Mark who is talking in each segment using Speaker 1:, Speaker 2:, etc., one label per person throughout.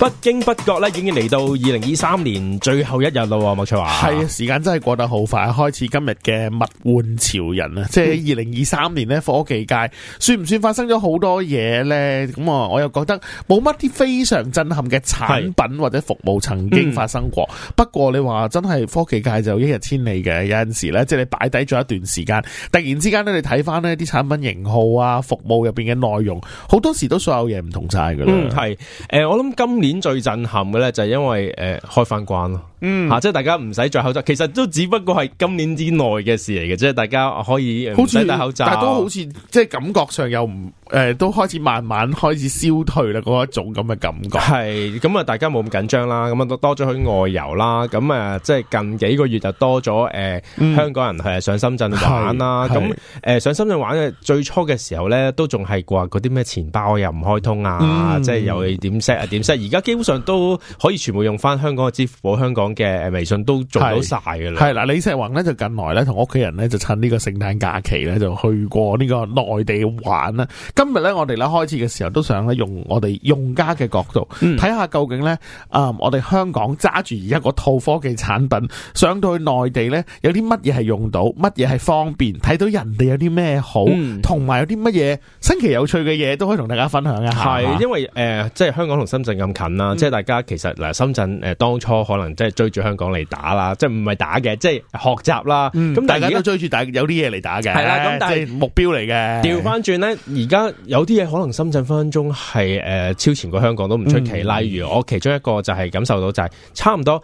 Speaker 1: 不經不覺咧，已經嚟到二零二三年最後一日咯，莫卓華。係啊，時間真係過得好快。開始今日嘅物玩潮人啊，即係二
Speaker 2: 零二三年呢，科技界算唔算發生咗好多嘢呢？咁啊，我又覺得冇乜啲非常震撼嘅產品或者服務曾經發生過。嗯、不過你話真係科技界就一日千里嘅，有陣時呢，即係你擺低咗一段時間，突然之間呢，你睇翻呢啲產品型號啊，服務入邊嘅內容，好多時都所有嘢唔同
Speaker 1: 晒噶啦。嗯，係。誒、呃，我諗今年。點最震撼嘅咧，就係因為誒、呃、開翻關咯。嗯吓、啊，即係大家唔使著口罩，其實都只不過係今年之內嘅事嚟嘅，即係大家可以唔使戴口罩，但係都好似即係感覺上又唔誒、呃，都開始慢慢開始消退啦，嗰一種咁嘅感覺。係咁啊，大家冇咁緊張啦，咁啊多咗去外遊啦，咁啊即係近幾個月就多咗誒、呃，香港人係上深圳玩啦，咁、嗯、誒上深圳玩嘅最初嘅時候咧，都仲係話嗰啲咩錢包又唔開通啊、嗯，即係又點 set 啊點 set，而家基本上都可以全部用翻香港嘅支付寶，香港，嘅微信都做到晒㗎啦。係
Speaker 2: 嗱，李世宏咧就近來咧同屋企人咧就趁呢個聖誕假期咧就去過呢個內地玩啦。今日咧我哋咧開始嘅時候都想咧用我哋用家嘅角度睇，嗯、下究竟咧啊、嗯、我哋香港揸住而家嗰套科技產品上到去內地咧有啲乜嘢係用到，乜嘢係方便，睇到人哋有啲咩好，同、嗯、埋有啲乜嘢新奇有趣嘅嘢都可以同大家分享一下。係，因
Speaker 1: 為誒、呃、即係香港同深圳咁近啦，嗯、即係大家其實嗱，深圳誒當初可能即係。追住香港嚟打啦，即係唔係打嘅，即係學習啦。咁、嗯、大家都追住打，但有啲嘢嚟打嘅。係啦，咁但係目標嚟嘅。調翻轉咧，而家有啲嘢可能深圳分分鐘係誒超前過香港都唔出奇、嗯。例如我其中一個就係感受到就係差唔多，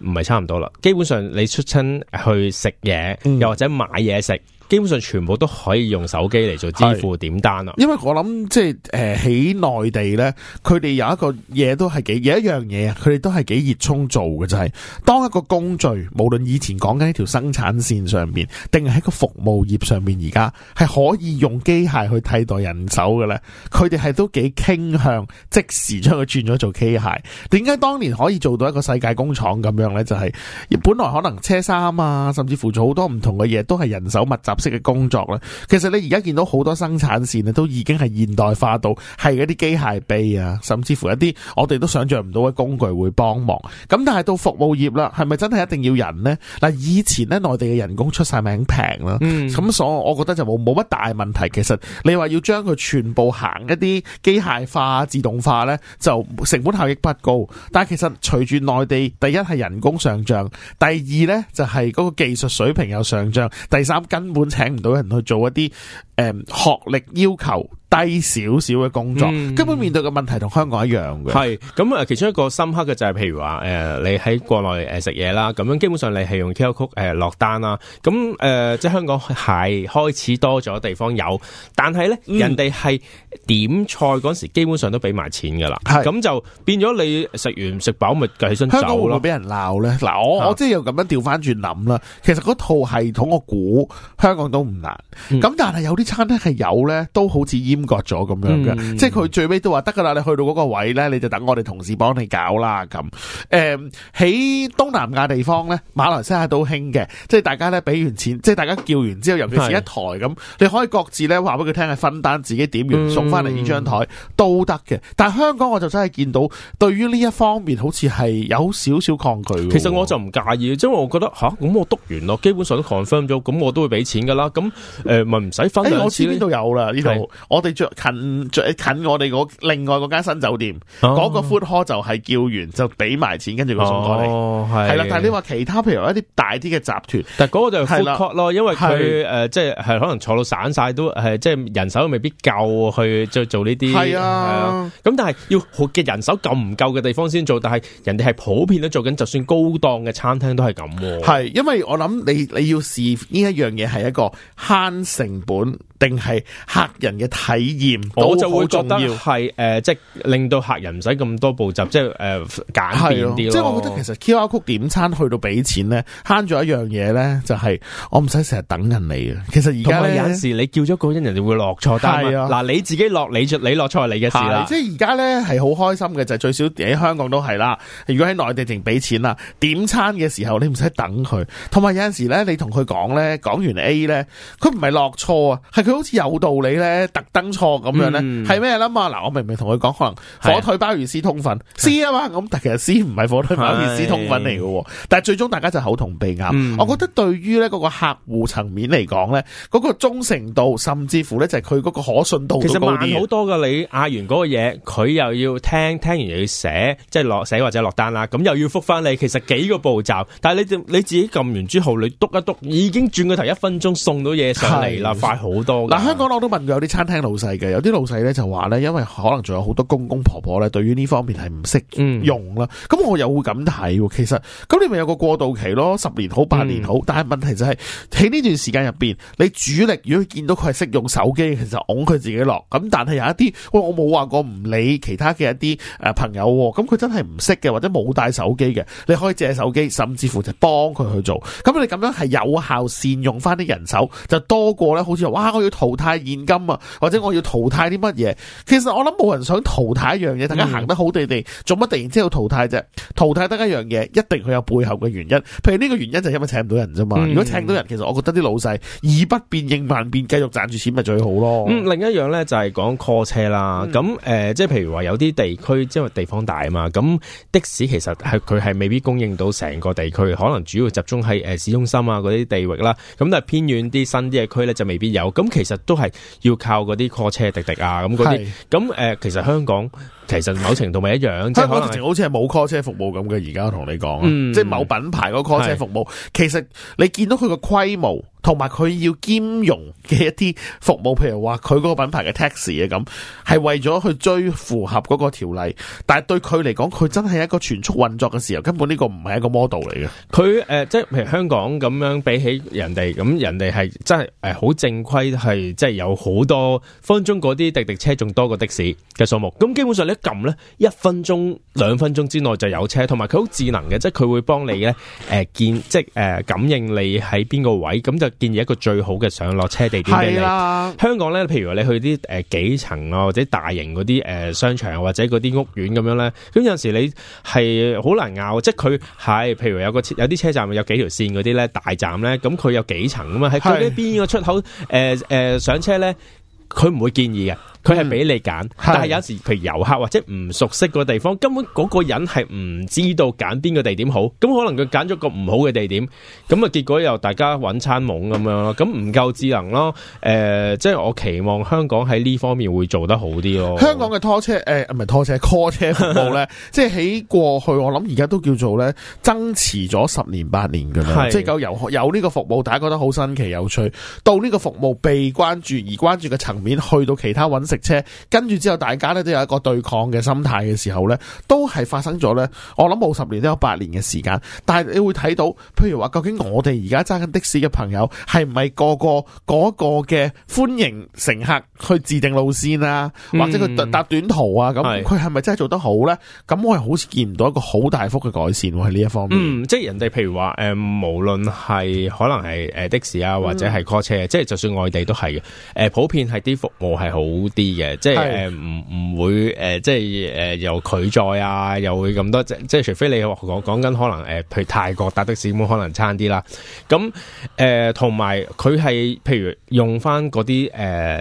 Speaker 1: 唔係差唔多啦。基本上你出親去食嘢，又或者買嘢食，基本上全部都可以用手機嚟做支付點單啊。
Speaker 2: 因為我諗，即係誒喺內地咧，佢哋有一個嘢都係幾有一樣嘢啊，佢哋都係幾熱衷做嘅就係、是、當一個工序，無論以前講緊一條生產線上面定係喺個服務業上面，而家係可以用機械去替代人手嘅咧，佢哋係都幾傾向即時將佢轉咗做機械。點解當年可以做到一個世界工廠咁樣咧？就係、是、本來可能車衫啊，甚至乎做好多唔同嘅嘢都係人手密集。式嘅工作咧，其實你而家見到好多生產線咧，都已經係現代化到係一啲機械臂啊，甚至乎一啲我哋都想象唔到嘅工具會幫忙。咁但係到服務業啦，係咪真係一定要人咧？嗱，以前咧內地嘅人工出晒名平啦，咁所以我覺得就冇冇乜大問題。其實你話要將佢全部行一啲機械化、自動化咧，就成本效益不高。但係其實隨住內地第一係人工上漲，第二咧就係嗰個技術水平有上漲，第三根本。請唔到人去做一啲。誒，學歷要求低少少嘅工作，根本面對嘅問題同香港一樣
Speaker 1: 嘅。係咁誒，其中一個深刻嘅就係，譬如話誒，你喺國內誒食嘢啦，咁樣基本上你係用 QR Code 誒落單啦。咁誒，即係香港係開始多咗地方有，但係咧人哋係點菜嗰時，基本上都俾埋錢噶啦。係咁就變咗你食完唔食飽，咪計起身走咯。香港會俾
Speaker 2: 人鬧咧？嗱，我我即係又咁樣調翻轉諗啦。其實嗰套系統，我估香港都唔難。咁但係有啲。餐廳係有咧，都好似閹割咗咁樣嘅、嗯，即係佢最尾都話得㗎啦。你去到嗰個位咧，你就等我哋同事幫你搞啦咁。誒，喺、嗯、東南亞地方咧，馬來西亞都興嘅，即係大家咧俾完錢，即係大家叫完之後，尤其是一台咁，你可以各自咧話俾佢聽係分單，自己點完送翻嚟呢張台、嗯、都得嘅。但係香港我就真係見到對於呢一方面好似係有少少抗拒。其實我
Speaker 1: 就唔介意，因為我覺得吓，咁我篤完咯，基本上都 confirm 咗，咁我都會俾錢㗎啦。咁誒，咪唔使分。欸我前邊都有啦，呢度我哋最近最近我哋另外嗰間
Speaker 2: 新酒店，嗰、哦嗰個 food hall 就係叫完就俾埋錢，跟住佢送過嚟，係、哦、啦。但係你話其他譬如一啲大啲嘅集團，
Speaker 1: 但係嗰個就 food court 咯，因為佢、呃、即係可能坐到散晒，都即係人手未必夠去做做呢啲係啊，咁但係要嘅人手夠唔夠嘅地方先做，但係人哋係普遍都做緊，就算高檔嘅餐廳都係咁、啊。係因為我諗你你要試呢一樣嘢係一個慳成本。定係客人嘅體驗，我就會覺得係誒、呃，即係令到客人唔使咁多步驟，即係誒、呃、簡便啲。即係我覺得其實 Q R code 點餐去
Speaker 2: 到俾錢咧，慳咗一樣嘢咧，就係、是、我唔使成日等人嚟嘅。其實而家有陣時你叫咗個人，人，哋會落錯單。係嗱，你
Speaker 1: 自己落，你出你落錯，你嘅事啦。即係而家咧
Speaker 2: 係好開心嘅，就最少喺香港都係啦。如果喺內地定俾錢啦，點餐嘅時候你唔使等佢，同埋有陣時咧你同佢講咧，講完 A 咧，佢唔係落錯啊，佢好似有道理咧，特登錯咁樣咧，係咩啦嘛？嗱，我明明同佢講，可能火腿鮑魚絲通粉，C 啊嘛，咁但其實 C 唔係火腿鮑魚絲通粉嚟嘅。但係最終大家就口同鼻啞。我覺得對於咧嗰個客戶層面嚟講咧，嗰個忠誠度，甚至乎咧就係佢嗰個可信度。其實慢好
Speaker 1: 多嘅，你嗌完嗰個嘢，佢又要聽，聽完又要寫，即係落寫或者落單啦，咁又要覆返你。其實幾個步驟，但係你自你自己撳完之後，你篤一篤，已經轉個頭一分鐘送到嘢上嚟啦，快好多。嗱，香
Speaker 2: 港我都問過有啲餐廳老細嘅，有啲老細咧就話咧，因為可能仲有好多公公婆婆咧，對於呢方面係唔識用啦。咁、嗯、我又會咁睇喎，其實咁你咪有個過渡期咯，十年好，八年好。嗯、但係問題就係喺呢段時間入面，你主力如果見到佢係識用手機，其實㧬佢自己落。咁但係有一啲，喂，我冇話過唔理其他嘅一啲誒朋友喎。咁佢真係唔識嘅，或者冇帶手機嘅，你可以借手機，甚至乎就幫佢去做。咁你咁樣係有效善用翻啲人手，就多過咧，好似哇！淘汰現金啊，或者我要淘汰啲乜嘢？其實我諗冇人想淘汰一樣嘢，大家行得好地地，做乜突然之後淘汰啫？淘汰得一樣嘢，一定佢有背後嘅原因。譬如呢個原因就係因為請唔到人啫嘛、嗯。如果請到
Speaker 1: 人，其實我覺得啲老細以不變應萬變，繼續賺住錢咪最好咯、嗯。另一樣呢，就係講 call 車啦。咁誒、呃，即係譬如話有啲地區，因為地方大啊嘛，咁的士其實係佢係未必供應到成個地區，可能主要集中喺誒、呃、市中心啊嗰啲地域啦。咁但係偏遠啲新啲嘅區呢，就未必有。咁。其實都係要靠嗰啲 call 車滴滴啊，咁嗰啲，咁誒、呃，其實香港 其實某程度咪一樣， 即可能香港
Speaker 2: 目前好似係冇 call 車服務咁嘅，而家同你講、嗯，即係某品牌個 call 車服務，其實你見到佢個規模。同埋佢要兼容嘅一啲服務，譬如話佢嗰個品牌嘅 taxi 啊，咁係為咗去追符合嗰個
Speaker 1: 條例。但係對佢嚟講，佢真係一個全速運作嘅時候，根本呢個唔係一個 model 嚟嘅。佢誒、呃、即係譬如香港咁樣比起人哋咁，人哋係真係誒好正規係即係有好多分鐘嗰啲滴滴車仲多過的士嘅數目。咁基本上你一撳咧，一分鐘兩分鐘之內就有車，同埋佢好智能嘅，即係佢會幫你咧誒、呃、見即係誒、呃、感應你喺邊個位，咁就。建議一個最好嘅上落車地點俾你。香港咧，譬如你去啲誒、呃、幾層啊，或者大型嗰啲誒商場或者嗰啲屋苑咁樣咧，咁有陣時你係好難拗，即係佢係譬如有個有啲車站有幾條線嗰啲咧，大站咧，咁佢有幾層啊嘛，係佢邊個出口誒、呃呃、上車咧，佢唔會建議嘅。佢係俾你揀、嗯，但係有時譬如遊客或者唔熟悉個地方，根本嗰個人係唔知道揀邊個地點好，咁可能佢揀咗個唔好嘅地點，咁啊結果又大家揾餐懵咁樣咯，咁唔夠智能咯，誒、呃，即、就、係、是、我期望香港喺呢方面會做得好啲咯。
Speaker 2: 香港嘅拖車誒，唔、呃、係拖車，call 車服務呢。即係喺過去我諗而家都叫做呢，增持咗十年八年噶啦，即係由有呢個服務，大家覺得好新奇有趣，到呢個服務被關注而關注嘅層面，去到其他揾。食車跟住之後，大家咧都有一個對抗嘅心態嘅時候呢，都係發生咗呢。我諗冇十年都有八年嘅時間，但係你會睇到，譬如話究竟我哋而家揸緊的士嘅朋友係唔係個個嗰個嘅歡迎乘客去自定路線啊，或者佢搭短途啊咁，佢係咪真係做得好呢？咁我係好似見唔到一個好大幅嘅改善喎喺呢一方
Speaker 1: 面。嗯、即係人哋譬如話誒、呃，無論係可能係誒的士啊，或者係 call 車，嗯、即係就算外地都係嘅。誒、呃，普遍係啲服務係好。啲嘅、呃呃，即係唔唔會即係誒，又拒載啊，又會咁多，即即係除非你講講緊可能去、呃、泰國搭的士咁，可能差啲啦。咁同埋佢係譬如用翻嗰啲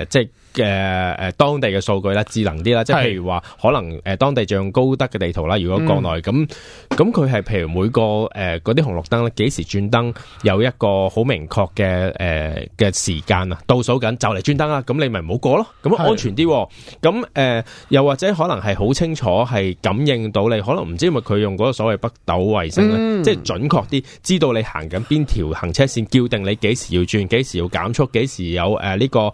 Speaker 1: 即係。嘅誒當地嘅數據啦，智能啲啦，即係譬如話可能誒當地就用高德嘅地圖啦，如果國內咁，咁佢係譬如每個誒嗰啲紅綠燈咧，幾時轉燈有一個好明確嘅誒嘅時間啊，倒數緊就嚟轉燈啦，咁你咪唔好過咯，咁安全啲。咁誒、呃、又或者可能係好清楚係感應到你，可能唔知因為佢用嗰所謂北斗衛星咧，即係準確啲知道你行緊邊條行車線，叫定你幾時要轉，幾時要減速，幾時有誒呢、呃這個誒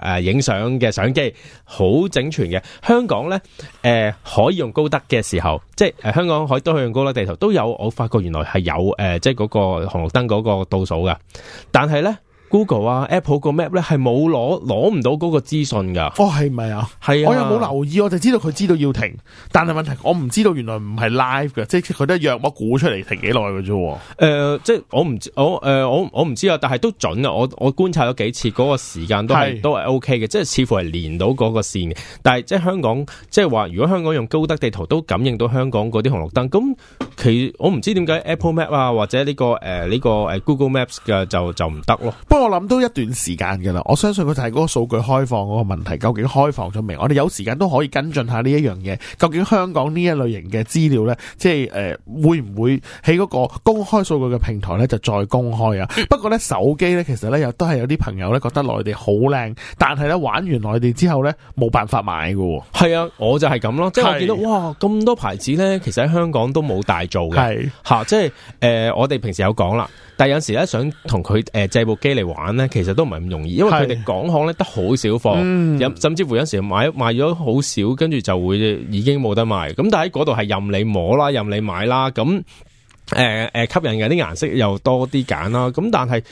Speaker 1: 誒影。呃上嘅相機好整全嘅，香港呢，誒、呃、可以用高德嘅時候，即係香港可以都可以用高德地圖都有，我發覺原來係有誒、呃，即係嗰個紅綠燈嗰個倒數嘅，但係呢。Google 啊，Apple 個 map 咧係冇攞攞唔到嗰個資訊噶。哦，係唔係啊？係啊。我又冇留
Speaker 2: 意，我就知道佢知道要停。
Speaker 1: 但係問題我唔知道，原來唔係 live 嘅，即係佢都係約我估出嚟停幾耐嘅啫。誒，即係我唔知我誒我我唔知啊，但係都準啊。我我觀察咗幾次，嗰個時間都係都係 OK 嘅，即係似乎係連到嗰個線嘅。但係即係香港，即係話如果香港用高德地圖都感應到香港嗰啲紅綠燈，咁其我唔知點解 Apple Map 啊或者呢個誒呢個誒 Google Maps 嘅就就唔得咯。我諗都一段時間噶啦，我
Speaker 2: 相信佢就係嗰個數據開放嗰個問題，究竟開放咗未？我哋有時間都可以跟進下呢一樣嘢，究竟香港呢一類型嘅資料呢，即係誒、呃、會唔會喺嗰個公開數據嘅平台呢就再公開啊？不過呢，手機呢其實呢，又都係有啲朋友呢覺得內地
Speaker 1: 好靚，但係呢，玩完內地之後呢，冇辦法買喎。係啊，我就係咁咯，即係我見到哇咁多牌子呢，其實喺香港都冇大做嘅。係吓、啊，即係誒、呃，我哋平時有講啦，但係有時呢，想同佢誒製部機嚟。玩咧，其實都唔係咁容易，因為佢哋港行咧得好少貨，嗯、甚至乎有陣時候買賣咗好少，跟住就會已經冇得賣。咁但係喺嗰度係任你摸啦，任你買啦。咁誒誒，吸引嘅啲顏色又多啲揀啦。咁但係。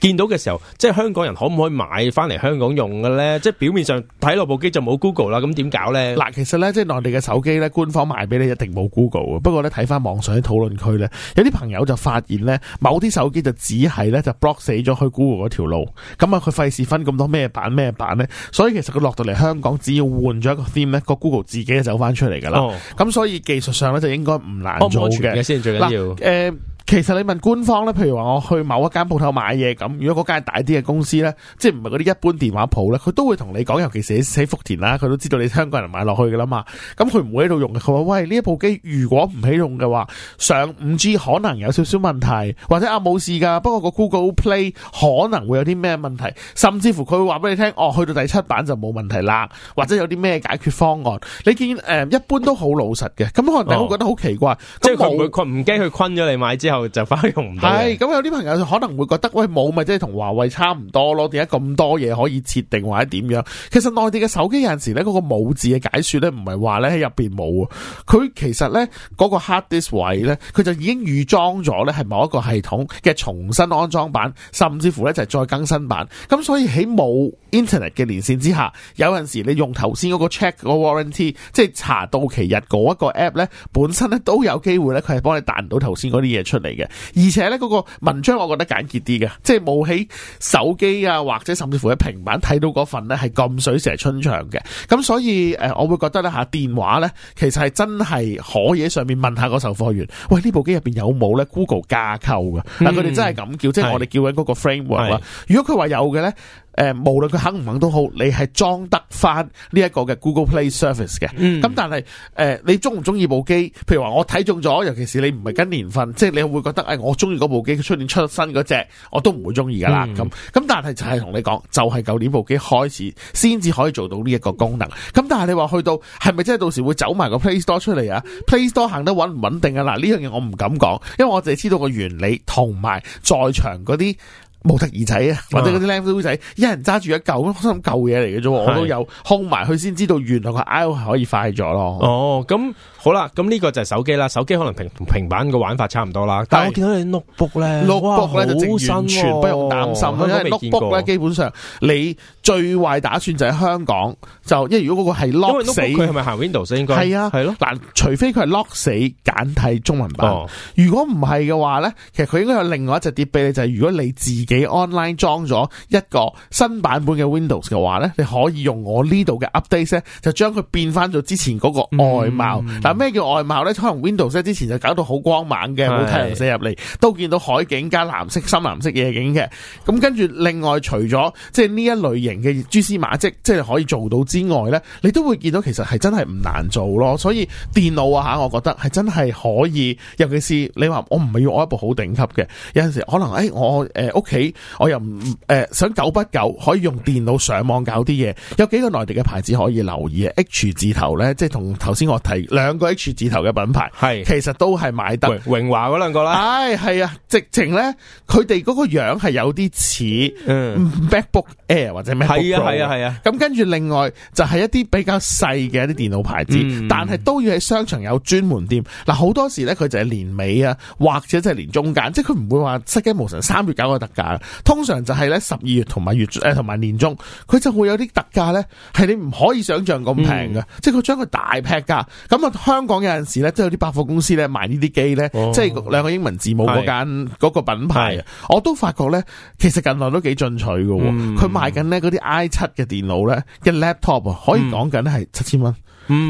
Speaker 1: 見到嘅時候，即係香港人可唔可以買翻嚟香港用嘅咧？即係表面上睇落部機就冇 Google 啦，咁點搞咧？嗱，其實咧即係內
Speaker 2: 地嘅手機咧，官方賣俾你一定冇 Google 嘅。不過咧睇翻網上啲討論區咧，有啲朋友就發現咧，某啲手機就只係咧就 block 死咗去 Google 嗰條路，咁啊佢費事分咁多咩版咩版咧。所以其實佢落到嚟香港，只要換咗一個 theme 咧，個 Google 自己就走翻出嚟噶啦。咁、哦、所以技術上咧就應該唔難。安全嘅先最緊要。誒。呃其實你問官方咧，譬如話我去某一間鋪頭買嘢咁，如果嗰間大啲嘅公司咧，即係唔係嗰啲一般電話鋪咧，佢都會同你講，尤其係喺福田啦，佢都知道你香港人買落去噶啦嘛，咁佢唔會喺度用嘅。佢話喂呢一部機如果唔起用嘅話，上五 G 可能有少少問題，或者啊冇事噶，不過個 Google Play 可能會有啲咩問題，甚至乎佢會話俾你聽，哦去到第七版就冇問題啦，或者有啲咩解決方案。你見誒、嗯、一般都好老實嘅，咁可能覺得好奇怪，哦、即係佢
Speaker 1: 唔驚佢坤咗你買之後。就翻用唔到。
Speaker 2: 係。咁，有啲朋友可能會覺得：喂，冇咪即係同華為差唔多咯？點解咁多嘢可以設定或者點樣？其實內地嘅手機有陣時咧，嗰個冇字嘅解說咧，唔係話咧喺入邊冇。佢其實咧嗰個 hard disk 位咧，佢就已經預裝咗咧，係某一個系統嘅重新安裝版，甚至乎咧就係再更新版。咁所以喺冇 internet 嘅連線之下，有陣時你用頭先嗰個 check 嗰個 warranty，即係查到期日嗰一個 app 咧，本身咧都有機會咧，佢係幫你彈到頭先嗰啲嘢出嚟。而且呢嗰個文章我覺得簡潔啲嘅，即係冇喺手機啊或者甚至乎喺平板睇到嗰份呢係咁水蛇春長嘅，咁所以誒我會覺得呢，吓電話呢其實係真係可以喺上面問下個售貨員，喂呢部機入邊有冇呢 Google 架構嘅，但佢哋真係咁叫，即係我哋叫緊嗰個 framework 啦。如果佢話有嘅呢。誒，無論佢肯唔肯都好，你係裝得翻呢一個嘅 Google Play Service 嘅。咁、嗯、但係誒、呃，你中唔中意部機？譬如話我睇中咗，尤其是你唔係跟年份，即、就、係、是、你會覺得誒、哎，我中意嗰部機，佢出年出新嗰隻，我都唔會中意㗎喇。咁、嗯、咁，但係就係同你講，就係、是、舊年部機開始先至可以做到呢一個功能。咁但係你話去到係咪真係到時會走埋個 Play Store 出嚟啊？Play Store 行得穩唔穩定啊？嗱，呢樣嘢我唔敢講，因為我淨係知道個原理同埋在場嗰啲。冇得耳仔啊，或者嗰啲靚仔，一人揸住一
Speaker 1: 嚿咁，舊嘢嚟嘅啫。我都有控埋佢，先知道原來個 I O 可以快咗咯。哦，咁好啦，咁呢個就係手機啦，手機可能平同平板嘅玩法差唔多啦。但係我見到你 notebook 咧，notebook 咧就、啊、完全不用擔心啦、哦。因為 notebook 咧基本上，你
Speaker 2: 最壞打算就喺香港，就因為如果嗰個係 lock 死，佢係咪行 Windows 應該係啊，係咯。但除非佢係 lock 死簡體中文版，哦、如果唔係嘅話咧，其實佢應該有另外一隻碟俾你，就係、是、如果你自己幾 online 裝咗一個新版本嘅 Windows 嘅話呢，你可以用我呢度嘅 update 呢，就將佢變翻咗之前嗰個外貌。嗯，但咩叫外貌呢？可能 Windows 呢之前就搞到好光猛嘅，冇太陽射入嚟，都見到海景加藍色、深藍色夜景嘅。咁跟住另外除咗即係呢一類型嘅蛛絲馬跡，即係可以做到之外呢，你都會見到其實係真係唔難做咯。所以電腦啊嚇，我覺得係真係可以。尤其是你話我唔係要我一部好頂級嘅，有陣時可能誒、哎、我誒屋企。呃我又唔誒、呃、想久不久可以用電腦上網搞啲嘢，有幾個內地嘅牌子可以留意啊？H 字頭咧，即係同頭先我提兩個 H 字頭嘅品牌，係其實都係買得榮華嗰兩個啦。係、哎、係啊，直情咧佢哋嗰個樣係有啲似嗯 MacBook Air 或者 MacBook Pro 係啊係啊係啊，咁、啊啊啊、跟住另外就係一啲比較細嘅一啲電腦牌子，嗯、但係都要喺商場有專門店。嗱好多時咧，佢就係年尾啊，或者即係年中間，即係佢唔會話失驚無神三月搞個特價。通常就係咧十二月同埋月誒同埋年中，佢就會有啲特價咧，係你唔可以想象咁平嘅，即係佢將佢大劈價。咁啊，香港有陣時咧，都有啲百貨公司咧賣呢啲機咧，即、哦、係、就係、兩個英文字母嗰間嗰個品牌，我都發覺咧，其實近來都幾進取喎。佢、嗯、賣緊咧嗰啲 I 七嘅電腦咧嘅 laptop 可以講緊係七千蚊。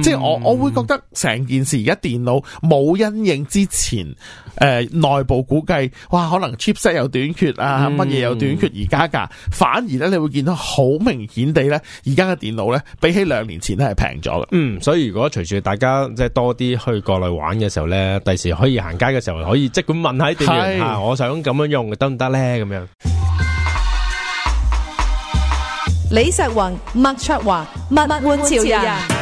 Speaker 2: 即係我我會覺得成件事而家電腦冇因應之前，誒、呃、內部估計，哇可能 chipset 有短缺啊，乜嘢有短缺，而家架反而咧你會見到好
Speaker 1: 明顯地咧，而家嘅電腦咧比起兩年前咧係平咗嘅。嗯，所以如果隨住大家即係多啲去國內玩嘅時候咧，第時可以行街嘅時候可以即，即管問下電，我想咁樣用得唔得咧咁樣。
Speaker 2: 李石雲、麥卓華、麥麥換潮人。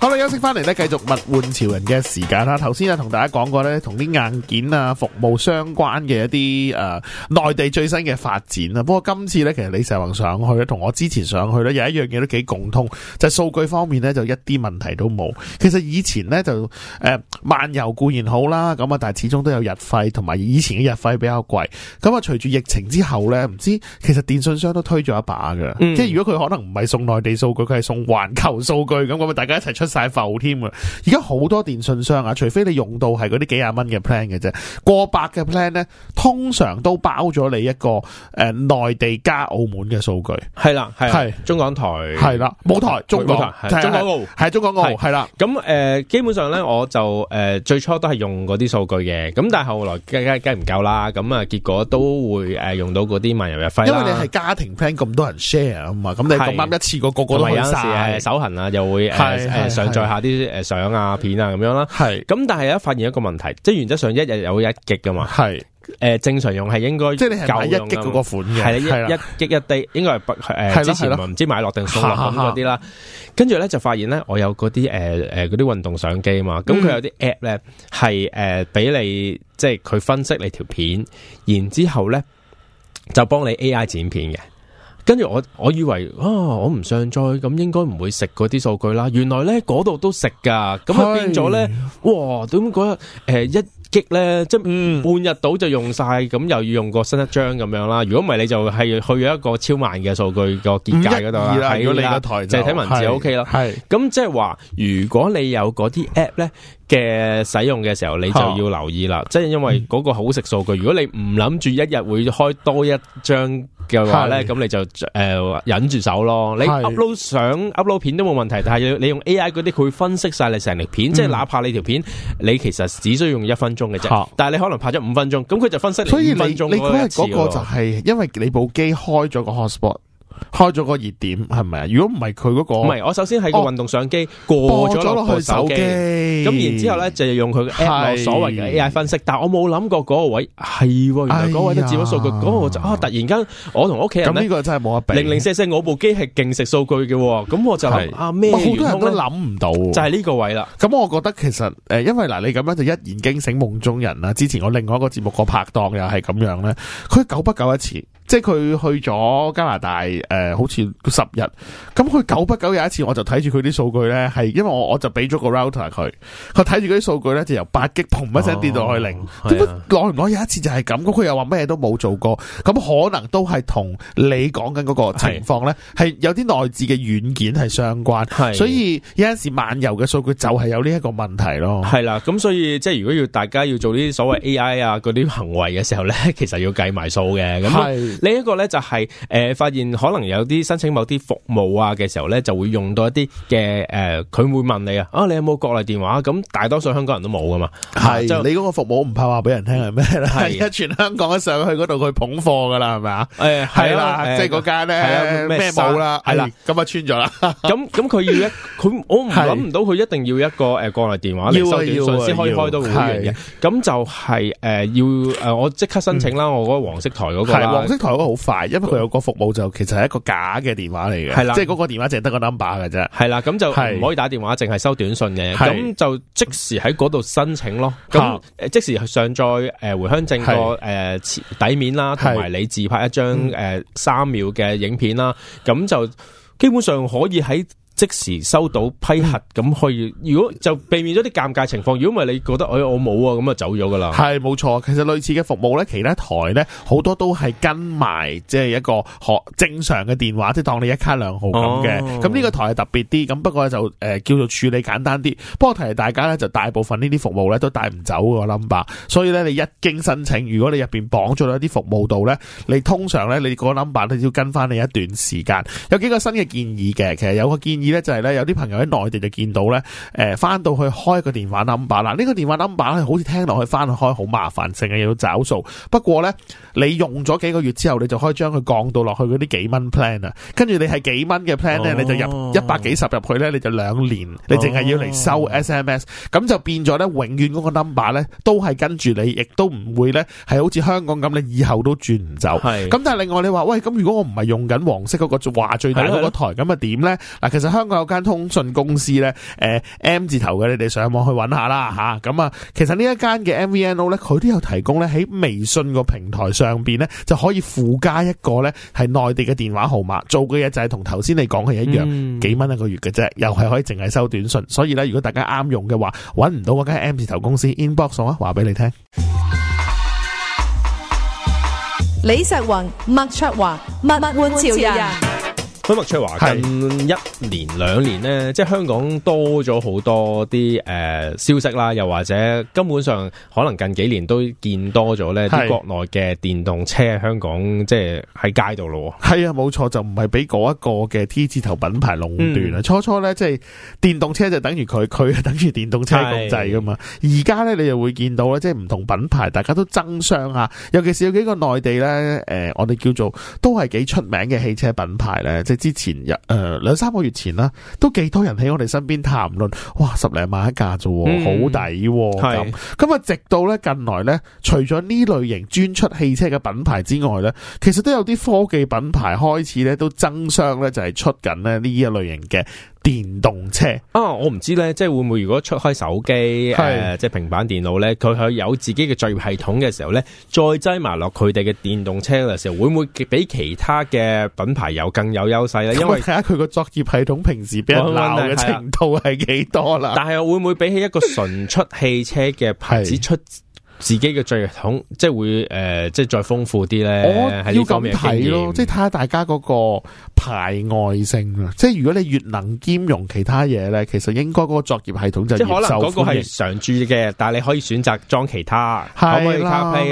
Speaker 1: 好啦，休息翻嚟咧，繼續物
Speaker 2: 玩潮人嘅時間啦。頭先啊，同大家講過咧，同啲硬件啊、服務相關嘅一啲誒，內、呃、地最新嘅發展啊。不過今次咧，其實李石宏上去咧，同我之前上去咧，有一樣嘢都幾共通，就係數據方面咧，就一啲問題都冇。其實以前咧就誒、呃，漫遊固然好啦，咁啊，但係始終都有日費，同埋以前嘅日費比較貴。咁啊，隨住疫情之後咧，唔知其實電信商都推咗一把㗎。即、嗯、係如果佢可能唔係送內地數據，佢係送環球數據，咁我咪大家一齊出。晒浮添啊！而家好多電信商啊，除非你用到係嗰啲幾廿蚊嘅 plan 嘅啫，過百嘅 plan 咧，通常都包咗你一個誒內地加澳門嘅數據。係啦，係
Speaker 1: 中港台，係
Speaker 2: 啦，冇台中港台，中港澳係
Speaker 1: 中港澳係啦。咁誒基本上咧，我就誒最初都係用嗰啲數據嘅，咁但係後來梗梗唔夠啦，咁啊，結果都會誒用到嗰啲漫遊日費。因為你係
Speaker 2: 家庭 plan 咁多人 share 啊嘛，咁你咁啱一次個個個開曬手
Speaker 1: 痕啊，又會誒誒。上載下啲誒相啊片啊咁、啊、樣啦，係咁但係咧發現一個問題，即係原則上一日有一極噶嘛，係誒、呃、正常用係應該即係搞一極嗰個款嘅，係一一極一滴應該係不誒之前唔知買落定送落嗰啲啦，跟住咧就發現咧我有嗰啲誒誒嗰啲運動相機啊嘛，咁、嗯、佢有啲 app 咧係誒俾你即係佢分析你條片，然之後咧就幫你 A I 剪片嘅。跟住我，我以為啊，我唔上載咁應該唔會食嗰啲數據啦。原來咧嗰度都食噶，咁啊變咗咧，哇！點嗰日誒一激咧，即係半日到就用晒，咁又要用過新一張咁樣啦。如果唔係你就係去咗一個超慢嘅數據個結界嗰度啦。係啦，如果你嘅台淨係睇文字 OK 咯。係，咁即係話如果你有嗰啲 app 咧，嘅使用嘅時候，你就要留意啦、啊。即係因為嗰個好食數據，嗯，如果你唔諗住一日會開多一張嘅話咧，咁你就誒、呃、忍住手咯。你 upload 相、upload 片都冇問題，但係你用 AI 嗰啲，佢分析晒你成條片。嗯、即係哪怕你條片，你其實只需要用一分鐘嘅啫，但係你可能拍咗五分鐘，咁佢就分析你五分鐘嘅字。所以你你佢嗰個就
Speaker 2: 係，因為你部機開咗個 hotspot。開咗個熱點係咪啊？如果唔係佢嗰個唔係，我首先係個運
Speaker 1: 動相機、哦、過咗落去手機，咁然之後咧就用佢嘅 app 所謂嘅 AI 分析，但我冇諗過嗰個位係喎，原來嗰位都接咗數據，嗰部就啊突然間我同屋企人咧零零四四我機，我部機係勁食數據嘅，咁我就啊咩好多人都諗唔到，就係、是、呢個位啦。咁我覺
Speaker 2: 得其實誒，因為嗱，你咁樣就一言驚醒夢中人啦。之前我另外一個節目個拍檔又係咁樣咧，佢久不久一次。即係佢去咗加拿大，誒，好似十日。咁佢久不久有一次，我就睇住佢啲數據咧，係因為我我就俾咗個 router 佢，佢睇住嗰啲數據咧，就由八激砰一聲跌落去零。點解耐唔耐？有一次就係咁。咁佢又話咩都冇做過。咁可能都係同你講緊嗰個情況咧，係有啲內置嘅軟件係相關。係，所以有陣時漫遊嘅數據就係有呢一個問
Speaker 1: 題咯。係啦，咁所以即係如果要大家要做啲所謂 AI 啊嗰啲行為嘅時候咧，其實要計埋數嘅。係。另一個咧就係誒發現可能有啲申請某啲服務啊嘅時候咧，就會用到一啲嘅誒，佢會問你啊，啊你有冇國內電話？咁大多數香港人都冇噶嘛，係。你
Speaker 2: 嗰個服務唔怕話俾人聽係咩咧？係一全香港
Speaker 1: 上去嗰度去捧貨噶啦，係咪啊？誒係啦，即係嗰間咧咩冇啦？係啦，咁啊穿咗啦。咁咁佢要一佢我唔諗唔到佢一定要一個誒國內電話嚟收短信先可以開到會員嘅。咁就係誒要誒我即刻申請啦！我嗰個黃色台嗰個啦。
Speaker 2: 好快，因為佢有個服務就其實係一個假嘅電話嚟嘅，係啦，即係嗰個電話淨係得個 number 嘅啫，
Speaker 1: 係啦，咁就唔可以打電話，淨係收短信嘅，咁就即時喺嗰度申請咯，咁即時上載誒回鄉證個誒底面啦，同埋你自拍一張誒三秒嘅影片啦，咁就基本上可以喺。即時收到批核，咁可以，如果就避免咗啲尷尬情況。如果唔係你覺得，哎，我冇啊，咁啊走咗噶啦。係冇錯。其實類似嘅服務呢，其他
Speaker 2: 台呢，好多都係跟埋，即係一個學正常嘅電話，即係當你一卡兩號咁嘅。咁、哦、呢個台係特別啲，咁不過就叫做、呃、處理簡單啲。不過提下大家呢，就大部分呢啲服務呢都帶唔走個 number，所以呢，你一經申請，如果你入面綁咗一啲服務度呢，你通常呢，你個 number 你要跟翻你一段時間。有幾個新嘅建議嘅，其實有個建議。咧就係咧，有啲朋友喺內地就見到咧，誒翻到去開個電話 number，嗱呢個電話 number 咧，好似聽落去翻去開好麻煩，成日要找數。不過咧，你用咗幾個月之後，你就可以將佢降到落去嗰啲幾蚊 plan 啊。跟住你係幾蚊嘅 plan 咧，你就入一百幾十入去咧，你就兩年，你淨係要嚟收 SMS。咁就變咗咧，永遠嗰個 number 咧都係跟住你，亦都唔會咧係好似香港咁，你以後都轉唔走。咁但係另外你話喂，咁如果我唔係用緊黃色嗰個話最大嗰個台，咁啊點咧？嗱，其實香香港有間通訊公司咧，誒 M 字頭嘅，你哋上網去搵下啦吓。咁啊，其實呢一間嘅 MVNO 咧，佢都有提供咧，喺微信個平台上邊咧，就可以附加一個咧係內地嘅電話號碼。做嘅嘢就係同頭先你講嘅一樣，幾蚊一個月嘅啫，又係可以淨係收短信。所以咧，如果大家啱用嘅話，搵唔到嗰間 M 字頭公司 inbox 啊，話俾你聽。
Speaker 1: 李石雲、麥卓華、物玩潮人。好，麥卓華，近一年兩年咧，即係香港多咗好多啲誒、呃、消息啦，又或者根本上可能近幾年都見多咗咧，啲國內嘅電動車香港即係喺街度咯。係啊，冇錯就唔係俾嗰一個嘅
Speaker 2: T 字頭品牌壟斷啊！初初咧，即係電動車就等於佢佢等於電動車控制噶嘛。而家咧，你又會見到咧，即係唔同品牌大家都爭相啊，尤其是有幾個內地咧誒、呃、我哋叫做都係幾出名嘅汽車品牌咧，即係之前有誒兩三個月。前啦，都幾多人喺我哋身邊談論，哇，十零萬一架啫，好抵咁。咁啊，直到呢近來呢，除咗呢類型專出汽車嘅品牌之外呢，其實都有啲科技品牌開始呢都爭相呢，就係出
Speaker 1: 緊呢一類型嘅。電動車啊，我唔知咧，即係會唔會如果出開手機誒、呃，即係平板電腦咧，佢係有自己嘅作業系統嘅時候咧，再擠埋落佢哋嘅電動車嘅時候，會唔會比其他嘅品牌有更有優勢咧？因為睇
Speaker 2: 下佢個作業系統平時俾人鬧嘅程
Speaker 1: 度係幾多啦。但係會唔會比起一個純出汽車嘅牌子出？自己嘅系統即係會誒，即係、呃、再豐富啲咧。我要咁睇咯，即係
Speaker 2: 睇下大家嗰個排外性啊，即係如果你越能兼容其他嘢咧，其實應該嗰個作業系統就越受歡迎。即係可能嗰個係
Speaker 1: 常駐嘅，但係你可以選擇裝其他。可唔可以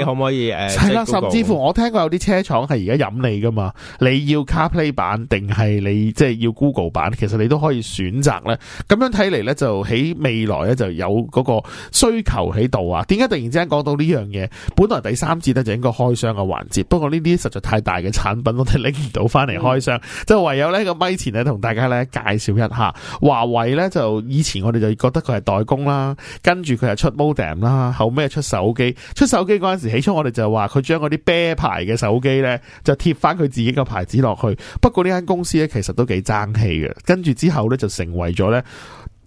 Speaker 1: 可唔可以誒？係、呃、啦，啊是啊、Google，甚至乎
Speaker 2: 我聽過有啲車廠係而家飲你噶嘛？你要 CarPlay 版定係你即係、就是、要 Google 版？其實你都可以選擇咧。咁樣睇嚟咧，就喺未來咧就有嗰個需求喺度啊？點解突然之間講？講到呢樣嘢，本來第三節咧就應該開箱嘅環節，不過呢啲實在太大嘅產品，我哋拎唔到翻嚟開箱、嗯,就唯有呢個咪前咧同大家咧介紹一下，華為呢，就以前我哋就覺得佢係代工啦,跟住佢係出 modem 啦,後尾出手機，出手機嗰陣時起初我哋就話佢將嗰啲啤牌嘅手機呢,就貼翻佢自己嘅牌子落去,不過呢間公司呢,其實都幾爭氣嘅,跟住之後呢,就成為咗呢。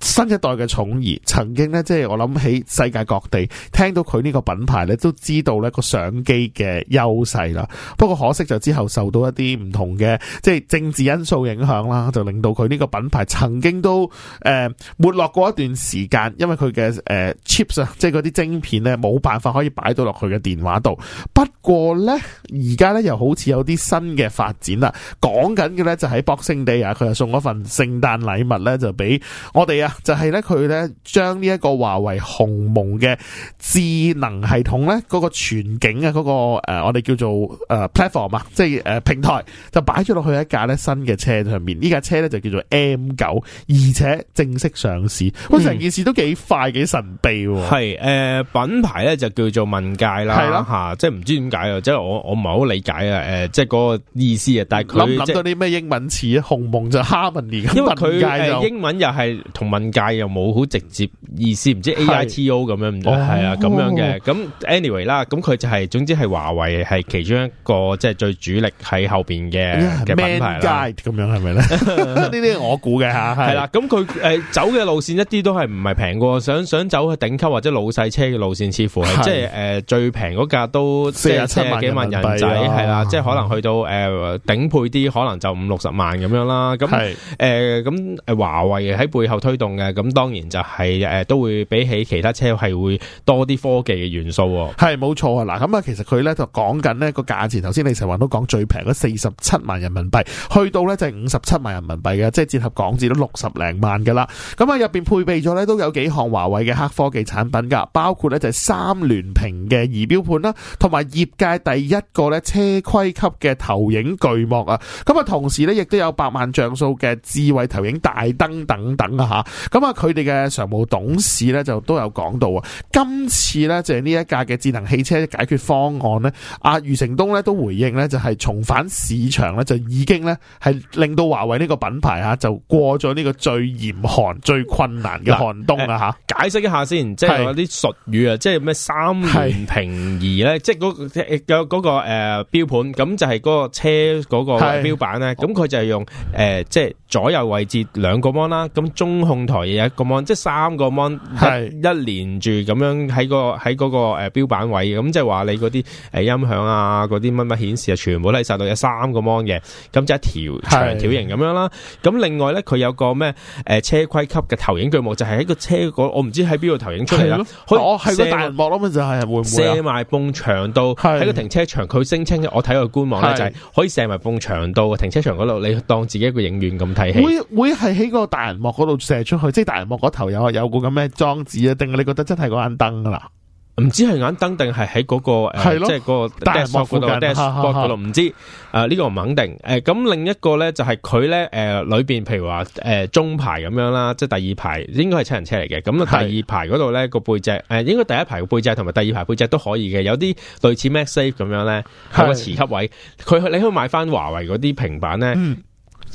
Speaker 2: 新一代嘅寵兒，曾經咧，即係我諗起世界各地聽到佢呢個品牌咧，都知道咧個相機嘅優勢啦。不過可惜就之後受到一啲唔同嘅，即係政治因素影響啦，就令到佢呢個品牌曾經都誒、呃、沒落過一段時間，因為佢嘅誒 chips 啊，即係嗰啲晶片咧，冇辦法可以擺到落佢嘅電話度。不過咧，而家咧又好似有啲新嘅發展啦，講緊嘅咧就喺博聖地啊，佢又送咗份聖誕禮物咧，就俾我哋啊。就係咧，佢咧將呢一個華為鴻蒙嘅智能系統咧，嗰個全景嘅嗰、嗰個誒，我哋叫做誒 platform 啊，即係誒平台，就擺咗落去一架咧新嘅車上面。呢架車咧就叫做 M 九，而且正式上市。喂成件事都幾快，幾
Speaker 1: 神秘。係誒、呃，品牌咧就叫做問界啦，吓，即係唔知點解啊，即係我我唔係好理解啊，誒、呃，即、就、係、係、個意思啊。但係諗諗到
Speaker 2: 啲咩英文詞啊，鴻、就
Speaker 1: 是、蒙就 Harmony 問界就英文又係同文。界又冇好直接意思，唔知 AITO 咁樣，係啊咁樣嘅。咁 anyway 啦，咁佢就係，總之係華為係其中一個即係最主力喺後邊嘅嘅品牌啦。咁樣係咪咧？呢啲我估嘅吓。係啦，咁佢誒走嘅路線一啲都係唔係平過，想想走去頂級或者老細車嘅路線，似乎係即係誒最平嗰架都四啊七萬幾萬人仔係啦，即係可能去到誒頂配啲，可能就五六十萬咁樣啦。咁誒咁誒華為喺背後推動。咁當然就係誒都會比起其他車系會多啲科技嘅元素係冇錯啊嗱，咁啊其實佢呢就講
Speaker 2: 緊呢個價錢，頭先你成日都講最平嗰四十七萬人民幣去到呢就係五十七萬人民幣嘅，即係折合港紙都六十零萬噶啦咁啊入邊配備咗呢都有幾項華為嘅黑科技產品噶包括呢就係三聯屏嘅儀表盤啦，同埋業界第一個呢車規級嘅投影巨幕啊。咁啊同時呢亦都有百萬像素嘅智慧投影大燈等等啊吓。咁啊，佢哋嘅常務董事咧就都有講到啊，今次咧就係呢一架嘅智能汽車解決方案咧，阿余承東咧都回應咧就係重返市場咧就已經咧係令到華為呢個品牌吓就過咗呢個最嚴寒最困難嘅寒
Speaker 1: 冬啦吓！解釋一下先，即係有啲術語啊，即係咩三唔平移咧、那個那個呃，即係嗰個嗰個誒標盤，咁就係嗰個車嗰個標板咧，咁佢就係用誒即係左右位置兩個芒啦，咁中控。台嘢一個芒，即係三個 mon 一連住咁樣喺、嗰個喺嗰個誒標板位，咁即係話你嗰啲誒音響啊嗰啲乜乜顯示啊，全部都喺晒度有三個 mon 嘅，咁即係條長條形咁樣啦。咁另外咧，佢有個咩誒車規級嘅投影巨幕，就係喺個車嗰我唔知喺邊度投影出嚟啦，我係個大人幕咯會會，咪就係射埋埲牆度，喺個停車場。佢聲稱我睇佢官網咧就係、係、可以射埋埲牆到停車場嗰度，你當自己一個影院咁睇戲。
Speaker 2: 會係喺個大人幕嗰度射。出去即係大屏幕嗰頭有啊有個咁嘅裝置啊？定
Speaker 1: 係你覺得真係嗰盞燈啦？唔知係眼燈定係喺嗰個，是呃、即係個、Dash、大屏幕嗰度，唔知誒呢、呃這個唔肯定。誒、呃，咁另一個咧就係佢咧誒裏邊，譬如話誒、呃、中排咁樣啦，即係第二排應該係七人車嚟嘅。咁啊第二排嗰度咧個背脊誒、呃，應該第一排個背脊同埋第二排背脊都可以嘅，有啲類似 MagSafe 咁樣咧，有個磁吸位。佢你可以買翻華為嗰啲平板咧。嗯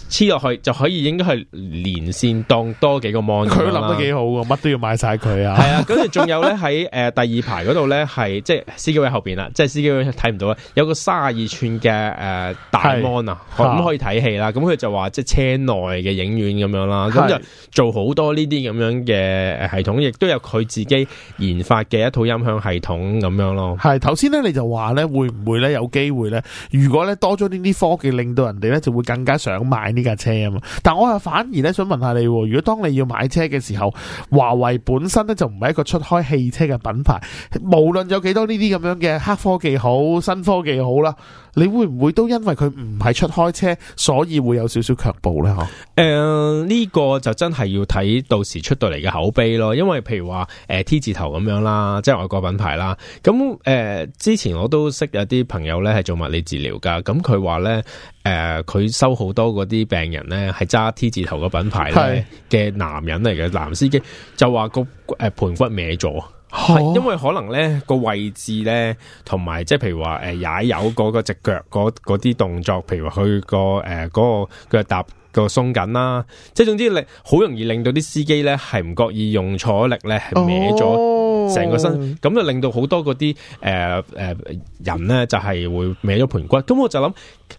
Speaker 1: 黐落去就可以，應該係連線當多幾個 mon。佢諗得幾好喎，乜都要買晒佢啊， 啊！係啊，跟住仲有咧喺誒第二排嗰度咧，係即係司機位後邊啦，即係司機位睇唔到啊，有個三十二寸嘅誒、呃、大 mon 啊，咁可以睇戲啦。咁、啊、佢就話即係車內嘅影院咁樣啦，咁就做好多呢啲咁樣嘅系統，亦都有佢自己研發嘅一套音響系統咁樣咯。係頭先咧，你就話咧會唔會咧
Speaker 2: 有機會咧？如果咧多咗呢啲科技，令到人哋咧就會更加想買。買呢架車啊嘛，但我又反而咧想問下你，如果當你要買車嘅時候，華為本身咧就唔係一個出開汽車嘅品牌，無論有幾多呢啲咁樣嘅黑科技好、新科技好啦。你會唔會都因為佢唔係出開車，所以會有少少卻步咧？
Speaker 1: 嗬、嗯？誒，呢個就真係要睇到時出到嚟嘅口碑咯。因為譬如話誒、呃、T 字頭咁樣啦，即係外國品牌啦。咁誒、呃，之前我都識有啲朋友咧係做物理治療噶。咁佢話咧，誒、呃，佢收好多嗰啲病人咧係揸 T 字頭嘅品牌嘅男人嚟嘅男司機，就話個誒盤骨歪咗。係， 係因為可能咧個位置咧，同埋即係譬如話誒、呃、踩油嗰個隻腳嗰嗰啲動作，譬如話佢、呃那個誒嗰個腳踏個鬆緊啦，即係總之你好容易令到啲司機咧係唔覺意用錯力咧，係歪咗。 成個身咁就令到好多嗰啲誒誒人咧就係、是、會歪咗盤骨，咁我就諗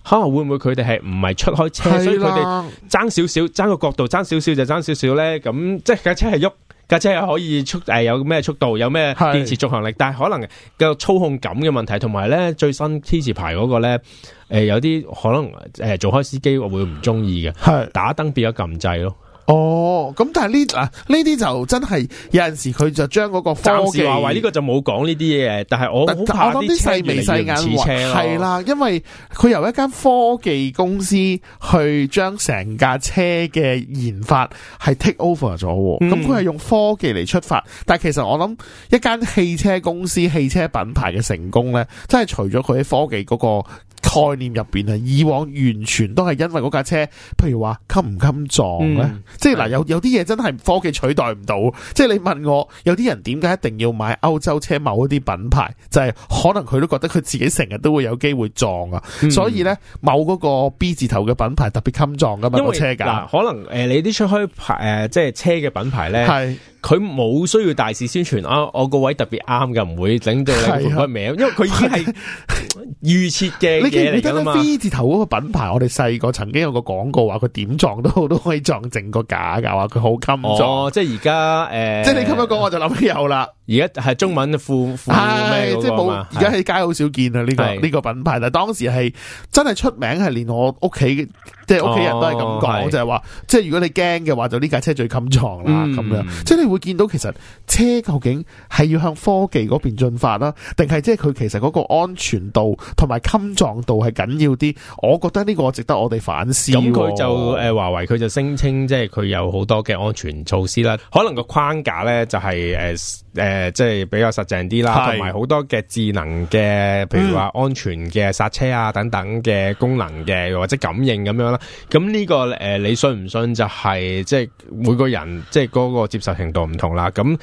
Speaker 1: 可能會唔會佢哋係唔係出開車，所以佢哋爭少少，爭個角度爭少少就爭少少咧，咁即係架車係喐，架車係可以速誒、呃、有咩速度，有咩電池續航力，但係可能個操控感嘅問題，同埋咧最新 T 字牌嗰個咧誒、呃、有啲可能誒、呃、做開司機我會唔中意嘅，打燈變咗撳掣咯。哦，咁但係呢啊呢啲就真係有陣時佢就將嗰個科技華為呢個就冇講呢啲嘢，但係我我講啲細眉細眼話係啦，
Speaker 2: 因為佢由一間科技公司去將成架車嘅研發係 take over 咗，咁佢係用科技嚟出發，但係其實我諗一間汽車公司、汽車品牌嘅成功咧，真係除咗佢喺科技嗰、那個。概念入邊啊，以往完全都係因為嗰架車，譬如話襟唔襟撞咧，嗯，即係嗱，有有啲嘢真係科技取代唔到，即係你問我有啲人點解一定要買歐洲車某一啲品牌，就係、是、可能佢都覺得佢自己成日都會有
Speaker 1: 機會撞啊、嗯，所以呢，某嗰個 B 字頭嘅品牌特別襟撞噶嘛個車架，呃，可能誒、呃、你啲出去排即係車嘅品牌呢，佢冇需要大肆宣傳啊，我個位特別啱嘅，唔會整到你開名，因為佢已經係。 預設嘅，你記唔記得 v 字
Speaker 2: 頭嗰個品牌？我哋細個曾經有個廣告話佢點撞都好都可以撞成個假噶，話佢好襟撞、
Speaker 1: 哦。即係而家誒，即係你咁樣講，我就諗起有啦。而家係中文嘅副副咩？咯而家喺
Speaker 2: 街好少見啊！呢個呢個品牌，但當時係真係出名，係連我屋企即係屋企人都係咁講，就係、是、話，即係如果你驚嘅話，就呢架車最襟撞啦咁樣。即係你會見到，其實車究竟係要向科技嗰邊進發啦，定係即係佢其實嗰個安全度同埋襟撞度係緊要啲？我覺得呢個值得我哋反思。咁佢就
Speaker 1: 誒、華、呃、為佢就聲稱即係佢有好多嘅安全措施啦，可能個框架咧就係誒誒。呃呃誒，即係比較實淨啲啦，同埋好多嘅智能嘅，譬如話安全嘅剎車啊，等等嘅功能嘅，或者感應咁樣啦。咁呢、呢個誒、呃，你信唔信就係、是、即係每個人即係嗰個接受程度唔同啦。咁，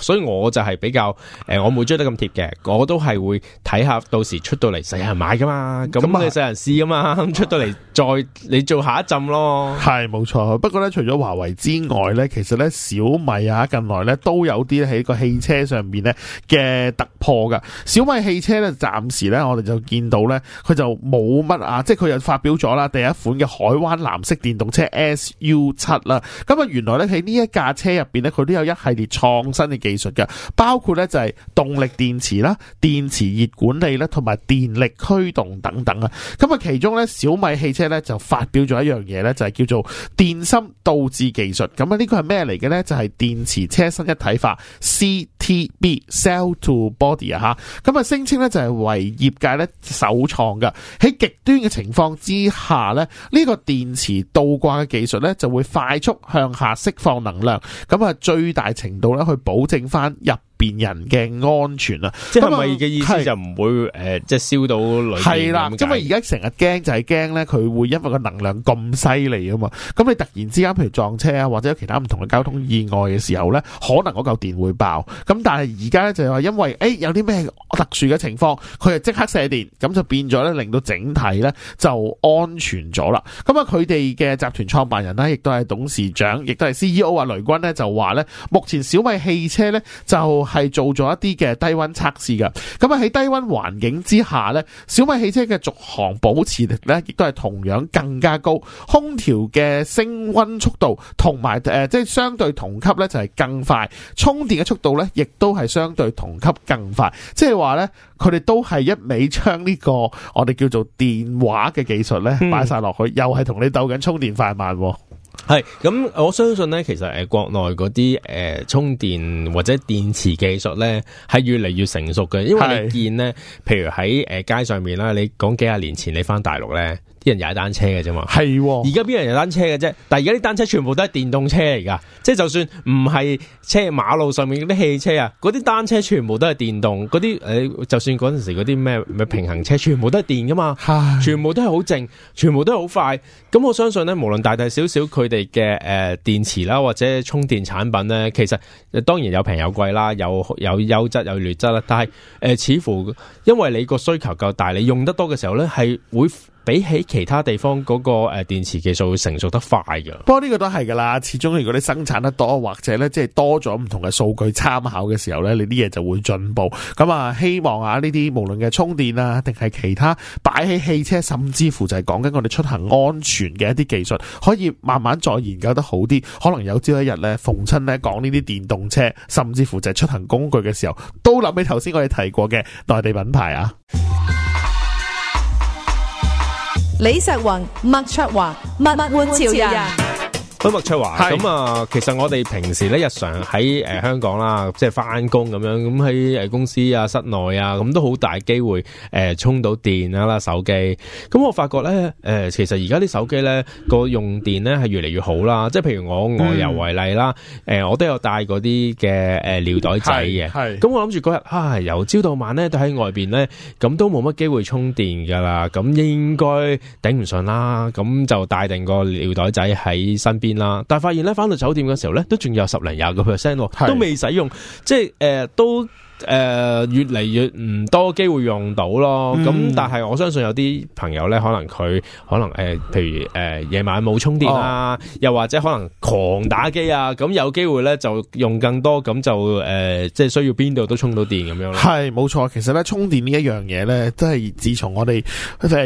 Speaker 1: 所以我就係比較誒、呃，我冇追得咁貼嘅，我都係會睇下，到時出到嚟，使人買㗎嘛，咁你使人試㗎嘛，出到嚟再你做下一浸咯。係，
Speaker 2: 冇錯。不過咧，除咗華為之外咧，其實咧小米啊，近來咧都有啲喺個。汽車上面咧嘅突破噶小米汽車咧暫時咧，我哋就見到咧，佢就冇乜啊，即係佢又發表咗啦，第一款嘅海灣藍色電動車 SU 七啦。咁啊，原來咧喺呢一架車入邊咧，佢都有一系列創新嘅技術嘅，包括咧就係動力電池啦、電池熱管理咧，同埋電力驅動等等啊。咁啊，其中咧小米汽車咧就發表咗一樣嘢咧，就係、是、叫做電芯倒置技術。咁啊，呢個係咩嚟嘅咧？就係、是、電池車身一體化。是 CTB cell to body 啊，吓，咁啊聲稱咧就係為業界咧首創嘅。喺極端嘅情況之下咧，呢個電池倒掛嘅技術咧就會快速向下釋放能量，咁啊最大程度咧去保證翻入。電人嘅安全啊，即係咪嘅意思就唔會誒，即係燒到雷係啦。因為而家成日驚就係驚咧，佢會因為個能量咁犀利啊嘛。咁你突然之間譬如撞車啊，或者其他唔同嘅交通意外嘅時候咧，可能嗰嚿電會爆。咁但係而家咧就係話，因為誒有啲咩特殊嘅情況，佢就即刻卸電。咁就變咗咧，令到整體咧就安全咗啦。咁啊，佢哋嘅集團創辦人啦，亦都係董事長，亦都係 CEO 啊，雷軍咧就話咧，目前小米汽車咧就係做咗一啲嘅低温測試嘅。咁啊，喺低温環境之下呢，小米汽車嘅續航保持力呢亦都係同樣更加高，空調嘅升温速度同埋誒，即係相對同級呢就係更快，充電嘅速度呢亦都係相對同級更快，即係話呢，佢哋都係一味將呢個
Speaker 1: 我哋叫做電話嘅技術呢擺晒落去，又係同你鬥緊充電快慢。係，咁我相信咧，其實誒、呃，國內嗰啲誒充電或者電池技術咧，係越嚟越成熟嘅，因為你見咧，譬如喺誒街上面啦，你講幾廿年前你翻大陸咧。啲人踩單車嘅啫嘛，係而家邊人踩單車嘅啫？但係而家啲單車全部都係電動車嚟噶，即係就算唔係車馬路上面嗰啲汽車啊，嗰啲單車全部都係電動，嗰啲誒，就算嗰陣時嗰啲咩咩平衡車，全部都係電噶嘛，全部都係好靜，全部都係好快。咁我相信咧，無論大大少少，佢哋嘅誒電池啦，或者充電產品咧，其實當然有平有貴啦，有有優質有劣質啦。但係誒、呃，似乎因為你個需求夠大，你用得多嘅時候咧，係會。比起其他地方嗰個誒電池技術會成熟得快嘅，不過
Speaker 2: 呢個都係噶啦。始終如果你生產得多，或者呢即係多咗唔同嘅數據參考嘅時候呢，你啲嘢就會進步。咁啊，希望啊呢啲無論係充電啊，定係其他擺喺汽車，甚至乎就係講緊我哋出行安全嘅一啲技術，可以慢慢再研究得好啲。可能有朝一日呢，逢親呢講呢啲電動車，甚至乎就係出行工具嘅時候，都諗起頭先我哋提過嘅內地品牌啊。
Speaker 1: 李石雲、麥卓華、麥麥換潮人。咁麥卓華，咁啊，其實我哋平時咧，日常喺誒、呃、香港啦，即係翻工咁樣，咁喺誒公司啊，室內啊，咁都好大機會誒、呃、充到電啊啦，手機。咁我發覺咧，誒、呃，其實而家啲手機咧個用電咧係越嚟越好啦。即係譬如我外遊為例啦，誒、嗯呃，我都有帶嗰啲嘅誒尿袋仔嘅。係。咁我諗住嗰日啊，由朝到晚咧都喺外邊咧，咁都冇乜機會充電噶啦，咁應該頂唔順啦，咁就帶定個尿袋仔喺身邊。啦，但係發現咧，翻到酒店嘅時候咧，都仲有十零廿個 percent，都未使用，即係誒、呃、都。誒、呃，越嚟越唔多機會用到咯。咁、嗯、但係我相信有啲朋友咧，可能佢可能誒、呃，譬如誒夜、呃、晚冇充電啊、哦、又或者可能狂打機啊，咁有機會咧就用更多，咁就誒即係需要邊度都充到電咁樣咯。
Speaker 2: 係冇錯，其實咧充電呢一樣嘢咧，真係自從我哋成、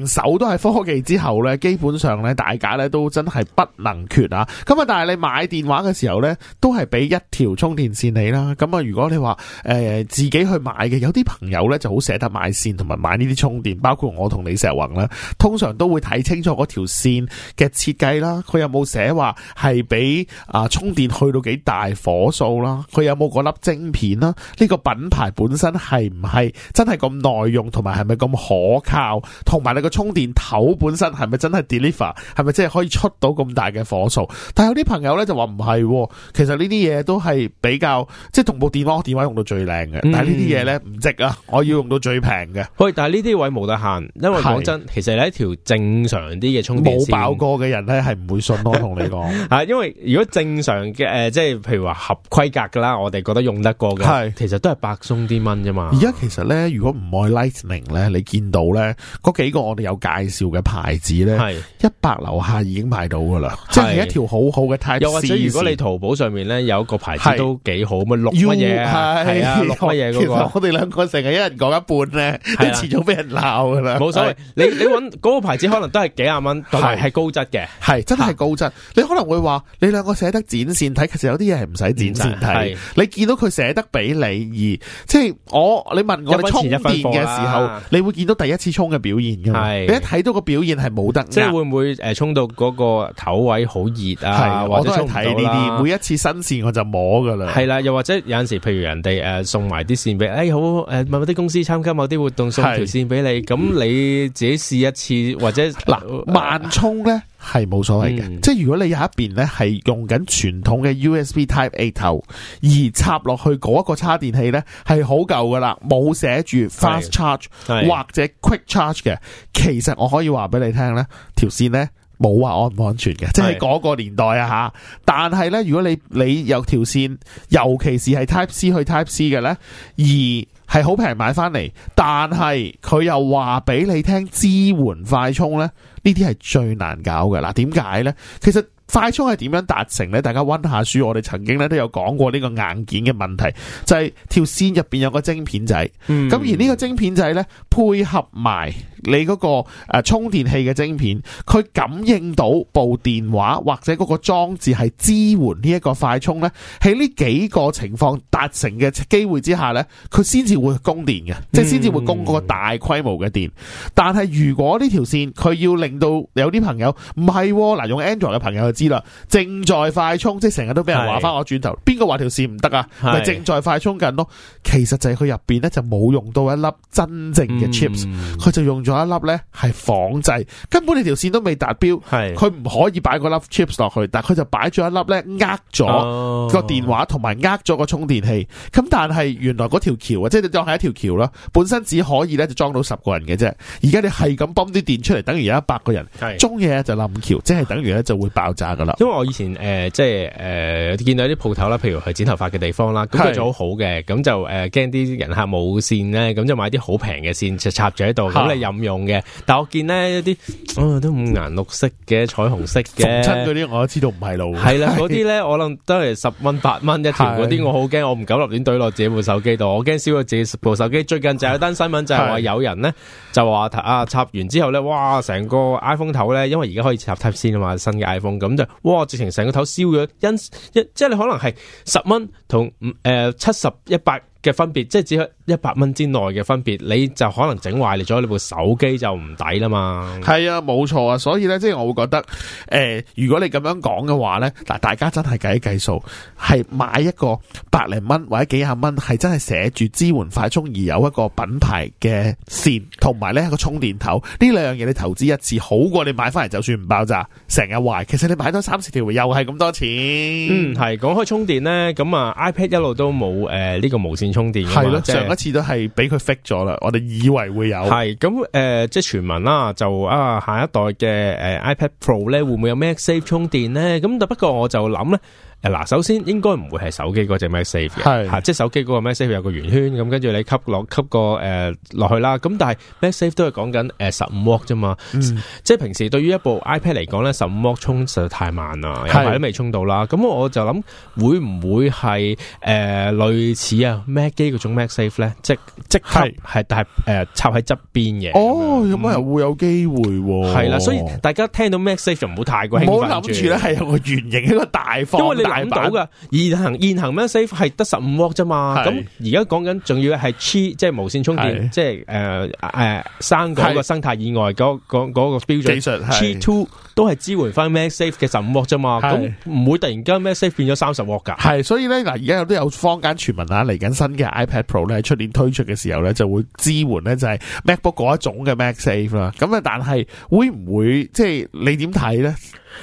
Speaker 2: 呃、手都係科技之後咧，基本上咧大家咧都真係不能缺啊。咁啊，但係你買電話嘅時候咧，都係俾一條充電線你啦。咁啊，如果你話誒，呃誒，自己去買嘅有啲朋友呢就好捨得買線同埋買呢啲充電，包括我同李石宏啦，通常都會睇清楚嗰條線嘅設計啦，佢有冇寫話係俾啊充電去到幾大火數啦？佢有冇嗰粒晶片啦？呢個品牌本身係唔係真係咁耐用同埋係咪咁可靠？同埋你個充電頭本身係咪真係 deliver？係咪真係可以出到咁大嘅火數？但係有啲朋友呢就話唔係，其實呢啲嘢都係比較即係同部
Speaker 1: 電話，電話用到最靚、嗯、嘅，但係呢啲嘢咧唔值啊！我要用到最平嘅。喂，但係呢啲位冇得閒，因為講真，其實咧一條正常啲嘅充電冇爆
Speaker 2: 過嘅人咧係唔會信囉。 我同你講，
Speaker 1: 啊，因為如果正常嘅誒，即、呃、係譬如話合規格噶啦，我哋覺得用得過嘅，係其實都係百鬆啲蚊啫嘛。而家
Speaker 2: 其實咧，如果唔愛 Lightning 咧，你見到咧嗰幾個我哋有介紹嘅牌子咧，係一百樓下已經買到噶啦，即係、就是、一條好好嘅 Type C。又或者如果你
Speaker 1: 淘寶上面咧有一個牌子都幾好，乜六乜嘢係啊？乜嘢，我哋兩個成日一人講一半咧、啊，係啦，遲早俾人鬧噶啦。冇所謂，你你搵嗰個牌子，可能都係幾廿蚊，係，係高質嘅，
Speaker 2: 係真係高質。你可能會話，你兩個寫得剪線睇，其實有啲嘢係唔使剪線睇。你見到佢寫得俾你，而即係我你問我充一次電嘅時候，你會見到第一
Speaker 1: 次充嘅表現噶嘛？你一
Speaker 2: 睇到個表現係冇得，即係
Speaker 1: 會唔會誒充到嗰個頭位好熱啊，啊？我都係睇呢啲，每一次新線我就摸噶啦。係啦、啊，又或者有陣時，譬如人哋誒。呃送埋啲線俾，哎好，誒某啲公司參加某啲活動送條線俾你，咁你自己試一次或者嗱慢充咧
Speaker 2: 係冇所謂嘅、嗯，即係如果你有一邊咧係用緊傳統嘅 USB Type A 頭而插落去嗰個叉電器咧係好舊噶啦，冇寫住 Fast Charge 或者 Quick Charge 嘅，其實我可以話俾你聽咧條線咧。冇話安唔安全嘅，即係嗰個年代啊吓。但係呢，如果你你有條線，尤其是係 Type C 去 Type C 嘅呢，而係好平買翻嚟，但係佢又話俾你聽支援快充呢，呢啲係最難搞嘅。嗱，點解呢？其實。快充係點樣達成咧？大家溫下書，我哋曾經咧都有講過呢個硬件嘅問題就係，是，條線入邊有個晶，嗯，個晶片仔，咁而呢個晶片仔咧配合埋你嗰個誒充電器嘅晶片，佢感應到部電話或者嗰個裝置係支援呢一個快充咧，喺呢幾個情況達成嘅機會之下咧，佢先至會供電嘅，即係先至會供個大規模嘅電，但係如果呢條線佢要令到有啲朋友唔係嗱用 Android 嘅朋友去。正在快充，即係成日都俾人話翻我轉頭，邊個話條線唔得啊？咪正在快充緊咯。其實就係佢入邊咧就冇用到一粒真正嘅 chips，佢、嗯、就用咗一粒咧係仿製，根本你條線都未達標。佢唔可以擺個粒 chips 落去，但佢就擺咗一粒咧呃咗個電話同埋呃咗個充電器。咁但係原來嗰條橋，即你當係一條橋啦，本身只可以咧就裝到十個人嘅啫。
Speaker 1: 而家你係咁泵啲電出嚟，等於有一百個人，中嘢就冧橋，即係等於咧就會爆炸。因為我以前誒、呃，即係誒、呃，見到啲鋪頭啦，譬如去剪頭髮嘅地方啦，咁佢做好好嘅，咁就誒驚啲人客冇線咧，咁就買啲好平嘅線就插住喺度，咁嚟任用嘅。但我見呢一啲、哦，都五顏六色嘅彩虹色嘅，親嗰啲
Speaker 2: 我都知道唔係路。係啦，嗰啲咧
Speaker 1: 可能都係十蚊八蚊一條嗰啲，我好驚，我唔敢立亂堆落自己部手機度，我驚燒咗自己部手機。最近就有一單新聞就話有人咧就話啊插完之後咧，哇成個 iPhone 頭咧，因為而家可以插 Type C 線啊嘛，新嘅 iPhone 咁。哇！直情成個頭燒咗，因即係你可能係十蚊同誒七十一百，呃70嘅分別，即係只係一百蚊之內嘅分別，你就可能整壞你咗你部手機就唔抵啦嘛。係啊，冇錯啊，所以呢，即係我會覺得，誒、呃，如果你咁
Speaker 2: 樣講嘅話呢，嗱，大家真係計計數，係買一個百零蚊或者幾廿蚊，係真係寫住支援快充而有一個品牌嘅線同埋呢一個充電頭，呢兩樣嘢你投資一次，好過你買翻嚟就算唔爆炸，成日壞。其實你買多
Speaker 1: 三四條又係咁多錢。嗯，係講開充電呢，咁啊 iPad 一路都冇誒呢個無線。充電係咯，上一次都係俾佢 fake 咗啦。我哋以為會有係咁誒，即係傳聞啦，就啊，下一代嘅誒 iPad Pro 咧，會唔會有 MagSafe 充電咧？咁但不過我就諗咧。誒，嗱，首先應該唔會係手機嗰隻 MagSafe 嘅，吓，即係手機嗰個 MagSafe 有個圓圈，咁跟住你吸落吸個誒落去啦。咁但係 MagSafe 都係講緊誒十五沃啫嘛，即係平時對於一部 iPad 嚟講咧，十五沃充實在太慢啦，有排都未充到啦。咁我我就諗會唔會係誒類似啊 Mac 機嗰種 MagSafe 咧，即即刻係但係誒插喺側邊嘅。哦，
Speaker 2: 有乜人會有機會？係啦，所以
Speaker 1: 大家聽到 MagSafe 就唔好太過興奮住啦，係有個圓形一個大方，因為你。諗到噶，現行現行 MagSafe 係得十五瓦啫嘛。咁而家講緊仲要係 Qi，h 即係無線充電，即係誒誒，三、uh, 個、uh, 個生態以外嗰嗰嗰個標準。Qi 係 Qi2 都係支援翻 MagSafe 嘅十五瓦啫嘛。咁唔會突然間 MagSafe 變咗三十瓦噶。係所以咧，嗱，而家有都有坊間傳聞啊，
Speaker 2: 嚟緊新嘅 iPad Pro 咧，出年推出嘅時候咧，就會支援咧就係 MacBook 嗰一種嘅
Speaker 1: MagSafe 啦。咁啊，但係會唔會即係你點睇咧？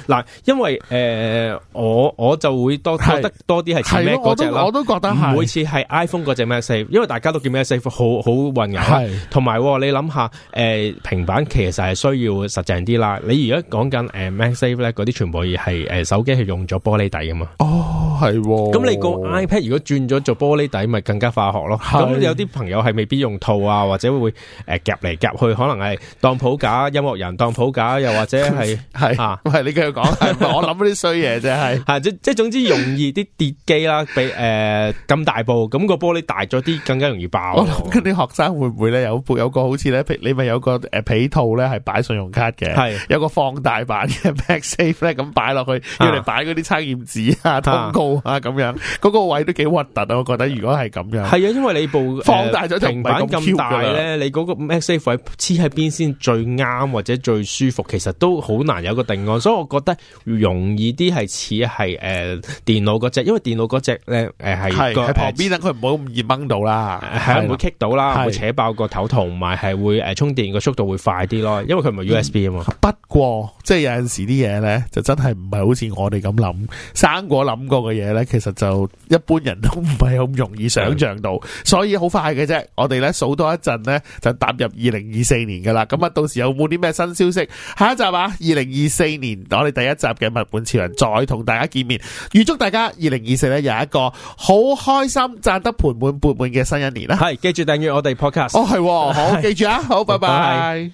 Speaker 1: 嗱，因為誒、呃，我我就會多得多啲係前邊嗰隻咯，我都覺得係。每次係 iPhone 嗰隻 MagSafe，因為大家都叫 MagSafe，好好混淆。同埋、呃、你諗下，誒、呃，平板其實係需要實淨啲啦。你而家講緊誒 MagSafe 咧，嗰、呃、啲全部係誒、呃、手機係用咗玻璃底噶嘛。哦，係。咁你個 iPad 如果轉咗做玻璃底，咪更加化學咯。咁有啲朋友係未必用套啊，或者會誒夾嚟夾去，可能係當譜架、音樂人當譜架，又或者係係 啊，係你。佢講 我諗嗰啲衰嘢啫，係即即總之容易啲跌機啦，俾誒咁大部咁、咁個玻璃大咗啲，更加容易爆。我
Speaker 2: 諗緊啲學生會唔會咧有有個好似咧，你咪有個誒被、呃、套咧係擺信用卡嘅，係
Speaker 1: 有個放大版嘅 MagSafe 咧咁擺落去，
Speaker 2: 要嚟擺嗰啲測驗紙啊、通告啊咁、啊、樣，嗰、嗰個位都幾核突啊！我覺得如果
Speaker 1: 係咁樣，係啊，因為你部、呃、放大咗同埋咁大咧、呃，你嗰個 MagSafe 黐喺邊先最啱或者最舒服，其實都好難有個定案，所以我覺得容易啲係似係誒電腦嗰隻，因為電腦嗰隻咧誒係喺旁邊，等佢唔好咁易掹到啦，係唔會棘到啦，會扯爆個頭，同埋係會誒、呃、充電個速度會快啲咯，因為佢唔係 U S B 啊嘛。不
Speaker 2: 過即係有陣時啲嘢咧，就真係唔係好似我哋咁諗，生果諗過嘅嘢咧，其實就一般人都唔係咁容易想象到，所以好快嘅啫。我哋咧數多一陣咧，就踏入二零二四年噶啦。咁啊，到時有冇啲咩新消息？下一集啊，二零二四年。我哋第一集嘅物玩潮人再同大家見面，預祝大家二零二四咧有一個好開心、賺得
Speaker 1: 盆滿鉢滿嘅新一年啦！係，記住訂閱我哋 podcast 哦，係，好，是好記住啊，好，拜拜。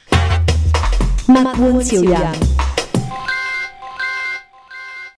Speaker 1: 物玩潮人。